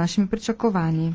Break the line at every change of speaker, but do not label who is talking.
našimi pričakovanji.